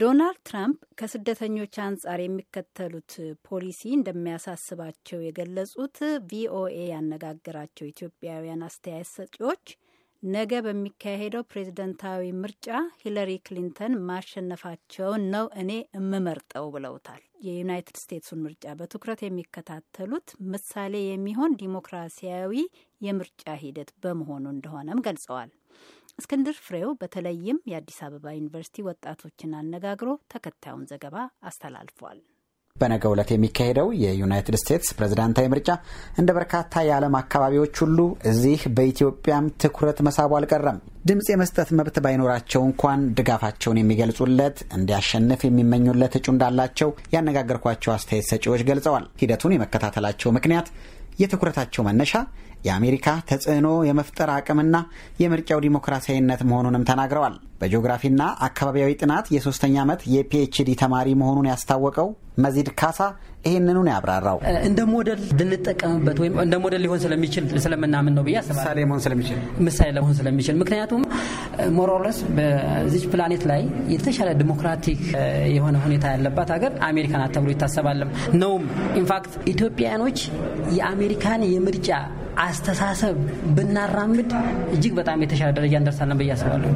ዶናልድ ትራምፕ ከስደተኞች አንጻር የሚከተሉት ፖሊሲ እንደሚያሳስባቸው የገለጹት ቪኦኤ ያነጋገራቸው ኢትዮጵያውያን አስተያየት ሰጪዎች ነገ በሚካሄደው ፕሬዝደንታዊ ምርጫ ሂለሪ ክሊንተን ማሸነፋቸውን ነው እኔ እምመርጠው ብለውታል። የዩናይትድ ስቴትሱን ምርጫ በትኩረት የሚከታተሉት ምሳሌ የሚሆን ዲሞክራሲያዊ የምርጫ ሂደት በመሆኑ እንደሆነም ገልጸዋል። እስክንድር ፍሬው በተለይም የአዲስ አበባ ዩኒቨርሲቲ ወጣቶችን አነጋግሮ ተከታዩን ዘገባ አስተላልፏል። በነገው ዕለት የሚካሄደው የዩናይትድ ስቴትስ ፕሬዝዳንታዊ ምርጫ እንደ በርካታ የዓለም አካባቢዎች ሁሉ እዚህ በኢትዮጵያም ትኩረት መሳቡ አልቀረም። ድምፅ የመስጠት መብት ባይኖራቸው እንኳን ድጋፋቸውን የሚገልጹለት እንዲያሸንፍ የሚመኙለት እጩ እንዳላቸው ያነጋገርኳቸው አስተያየት ሰጪዎች ገልጸዋል። ሂደቱን የመከታተላቸው ምክንያት የትኩረታቸው መነሻ የአሜሪካ ተጽዕኖ የመፍጠር አቅምና የምርጫው ዲሞክራሲያዊነት መሆኑንም ተናግረዋል። በጂኦግራፊና አካባቢያዊ ጥናት የሶስተኛ ዓመት የፒኤችዲ ተማሪ መሆኑን ያስታወቀው መዚድ ካሳ ይህንኑ ነው ያብራራው። እንደ ሞዴል ልንጠቀምበት ወይም እንደ ሞዴል ሊሆን ስለሚችል ስለምናምን ነው ብዬ ምሳሌ መሆን ስለሚችል ምሳሌ ለመሆን ስለሚችል ምክንያቱም ሞሮለስ በዚች ፕላኔት ላይ የተሻለ ዲሞክራቲክ የሆነ ሁኔታ ያለባት ሀገር አሜሪካ ናት ተብሎ ይታሰባለም ነውም ኢንፋክት ኢትዮጵያውያኖች የአሜሪካን የምርጫ አስተሳሰብ ብናራምድ እጅግ በጣም የተሻለ ደረጃ እንደርሳለን ብዬ አስባለሁ።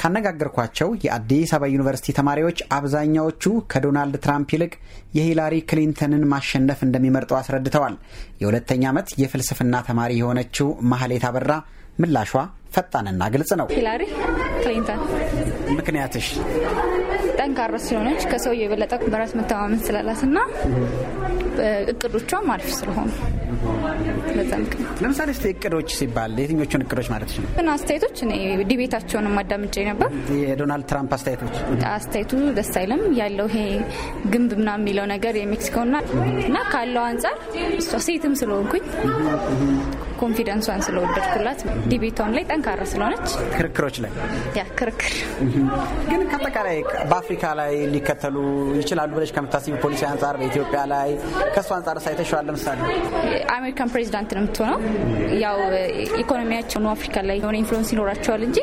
ካነጋገርኳቸው የአዲስ አበባ ዩኒቨርሲቲ ተማሪዎች አብዛኛዎቹ ከዶናልድ ትራምፕ ይልቅ የሂላሪ ክሊንተንን ማሸነፍ እንደሚመርጡ አስረድተዋል። የሁለተኛ ዓመት የፍልስፍና ተማሪ የሆነችው ማህሌት አበራ ምላሿ ፈጣንና ግልጽ ነው። ሂላሪ ክሊንተን ምክንያትሽ ጠንካራ ስለሆነች ከሰው የበለጠ በራስ መተማመን ስላላት ና እቅዶቿም አሪፍ ስለሆኑ ለምሳሌ ስ እቅዶች ሲባል የትኞቹን እቅዶች ማለት ነው? ምን አስተያየቶች እኔ ዲቤታቸውን አዳምጬ ነበር። የዶናልድ ትራምፕ አስተያየቶች አስተያየቱ ደስ አይልም ያለው ይሄ ግንብ ምናምን የሚለው ነገር ና እና ካለው አንጻር እሷ ሴትም ስለሆንኩኝ ኮንፊደንሷን ስለወደድኩላት ዲቤቷም ላይ ጠንካራ ስለሆነች ክርክሮች ላይ ያ ክርክር ግን ከአጠቃላይ አሜሪካ ላይ ሊከተሉ ይችላሉ ብለሽ ከምታስቢ ፖሊሲ አንጻር በኢትዮጵያ ላይ ከእሱ አንጻር ሳይተሸዋል። ለምሳሌ አሜሪካን ፕሬዚዳንት ነው የምትሆነው። ያው ኢኮኖሚያቸው ነው አፍሪካ ላይ የሆነ ኢንፍሉዌንስ ይኖራቸዋል እንጂ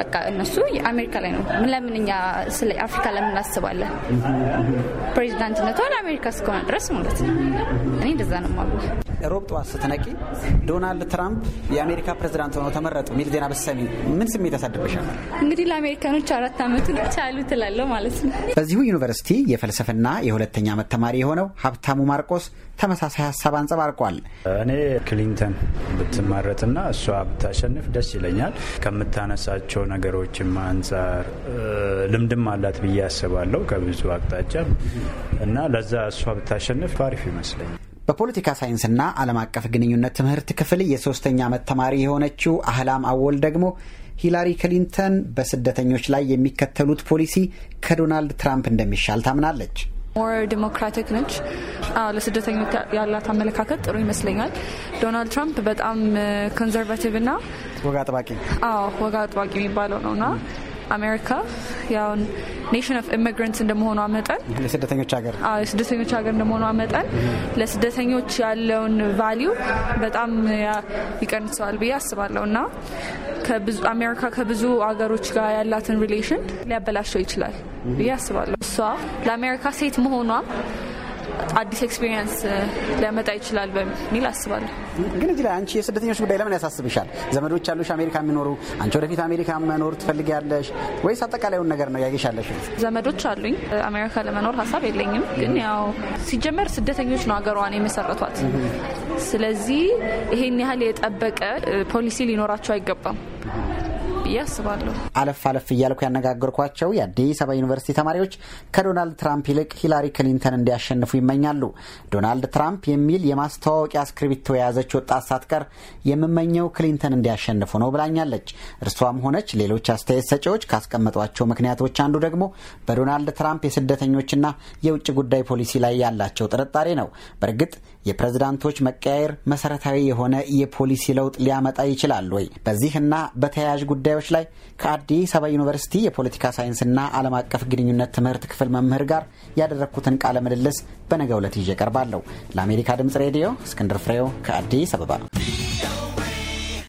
በቃ እነሱ አሜሪካ ላይ ነው። ምን ለምን እኛ ስለ አፍሪካ ለምን እናስባለን? ፕሬዚዳንትነቷ አሜሪካ እስከሆነ ድረስ ማለት ነው። እኔ እንደዛ ነው ማለ ሮብ ጠዋት ስትነቂ ዶናልድ ትራምፕ የአሜሪካ ፕሬዚዳንት ሆነው ተመረጡ የሚል ዜና ብትሰሚ ምን ስሜት ያሳድበሻል? እንግዲህ ለአሜሪካኖች አራት አመቱን ቻሉ ትላለው ማለት በዚሁ ዩኒቨርሲቲ የፍልስፍና የሁለተኛ ዓመት ተማሪ የሆነው ሀብታሙ ማርቆስ ተመሳሳይ ሀሳብ አንጸባርቋል። እኔ ክሊንተን ብትመረጥና እሷ ብታሸንፍ ደስ ይለኛል። ከምታነሳቸው ነገሮችም አንጻር ልምድም አላት ብዬ አስባለሁ ከብዙ አቅጣጫ እና ለዛ እሷ ብታሸንፍ አሪፍ ይመስለኛል። በፖለቲካ ሳይንስና ዓለም አቀፍ ግንኙነት ትምህርት ክፍል የሶስተኛ ዓመት ተማሪ የሆነችው አህላም አወል ደግሞ ሂላሪ ክሊንተን በስደተኞች ላይ የሚከተሉት ፖሊሲ ከዶናልድ ትራምፕ እንደሚሻል ታምናለች። ሞር ዲሞክራቲክ ነች። ለስደተኞች ያላት አመለካከት ጥሩ ይመስለኛል። ዶናልድ ትራምፕ በጣም ኮንዘርቫቲቭ uh, ና ወግ አጥባቂ ወግ አጥባቂ የሚባለው ነው ና አሜሪካ ያው ኔሽን ኦፍ ኢሚግራንትስ እንደመሆኗ መጠን የስደተኞች ሀገር አዎ የስደተኞች ሀገር እንደመሆኗ መጠን ለስደተኞች ያለውን ቫሊዩ በጣም ይቀንሰዋል ብዬ አስባለሁ እና አሜሪካ ከብዙ ሀገሮች ጋር ያላትን ሪሌሽን ሊያበላሸው ይችላል ብዬ አስባለሁ። እሷ ለአሜሪካ ሴት መሆኗ አዲስ ኤክስፒሪየንስ uh, ሊያመጣ ይችላል በሚል አስባለሁ። ግን እዚህ ላይ አንቺ የስደተኞች ጉዳይ ለምን ያሳስብሻል? ዘመዶች ያሉሽ አሜሪካ የሚኖሩ አንቺ ወደፊት አሜሪካ መኖር ትፈልጊያለሽ ወይስ አጠቃላዩን ነገር ነው ያገሻለሽ? ዘመዶች አሉኝ። አሜሪካ ለመኖር ሀሳብ የለኝም። ግን ያው ሲጀመር ስደተኞች ነው ሀገሯን የመሰረቷት። ስለዚህ ይሄን ያህል የጠበቀ ፖሊሲ ሊኖራቸው አይገባም። ብዬ አስባለሁ። አለፍ አለፍ እያልኩ ያነጋገርኳቸው የአዲስ አበባ ዩኒቨርሲቲ ተማሪዎች ከዶናልድ ትራምፕ ይልቅ ሂላሪ ክሊንተን እንዲያሸንፉ ይመኛሉ። ዶናልድ ትራምፕ የሚል የማስተዋወቂያ እስክሪብቶ የያዘች ወጣት ሳትቀር የምመኘው ክሊንተን እንዲያሸንፉ ነው ብላኛለች። እርሷም ሆነች ሌሎች አስተያየት ሰጪዎች ካስቀመጧቸው ምክንያቶች አንዱ ደግሞ በዶናልድ ትራምፕ የስደተኞችና የውጭ ጉዳይ ፖሊሲ ላይ ያላቸው ጥርጣሬ ነው። በእርግጥ የፕሬዝዳንቶች መቀያየር መሰረታዊ የሆነ የፖሊሲ ለውጥ ሊያመጣ ይችላል ወይ? በዚህና በተያያዥ ጉዳዮች ላይ ከአዲስ አበባ ዩኒቨርሲቲ የፖለቲካ ሳይንስና ዓለም አቀፍ ግንኙነት ትምህርት ክፍል መምህር ጋር ያደረግኩትን ቃለ ምልልስ በነገው ዕለት ይዤ ቀርባለሁ። ለአሜሪካ ድምፅ ሬዲዮ እስክንድር ፍሬው ከአዲስ አበባ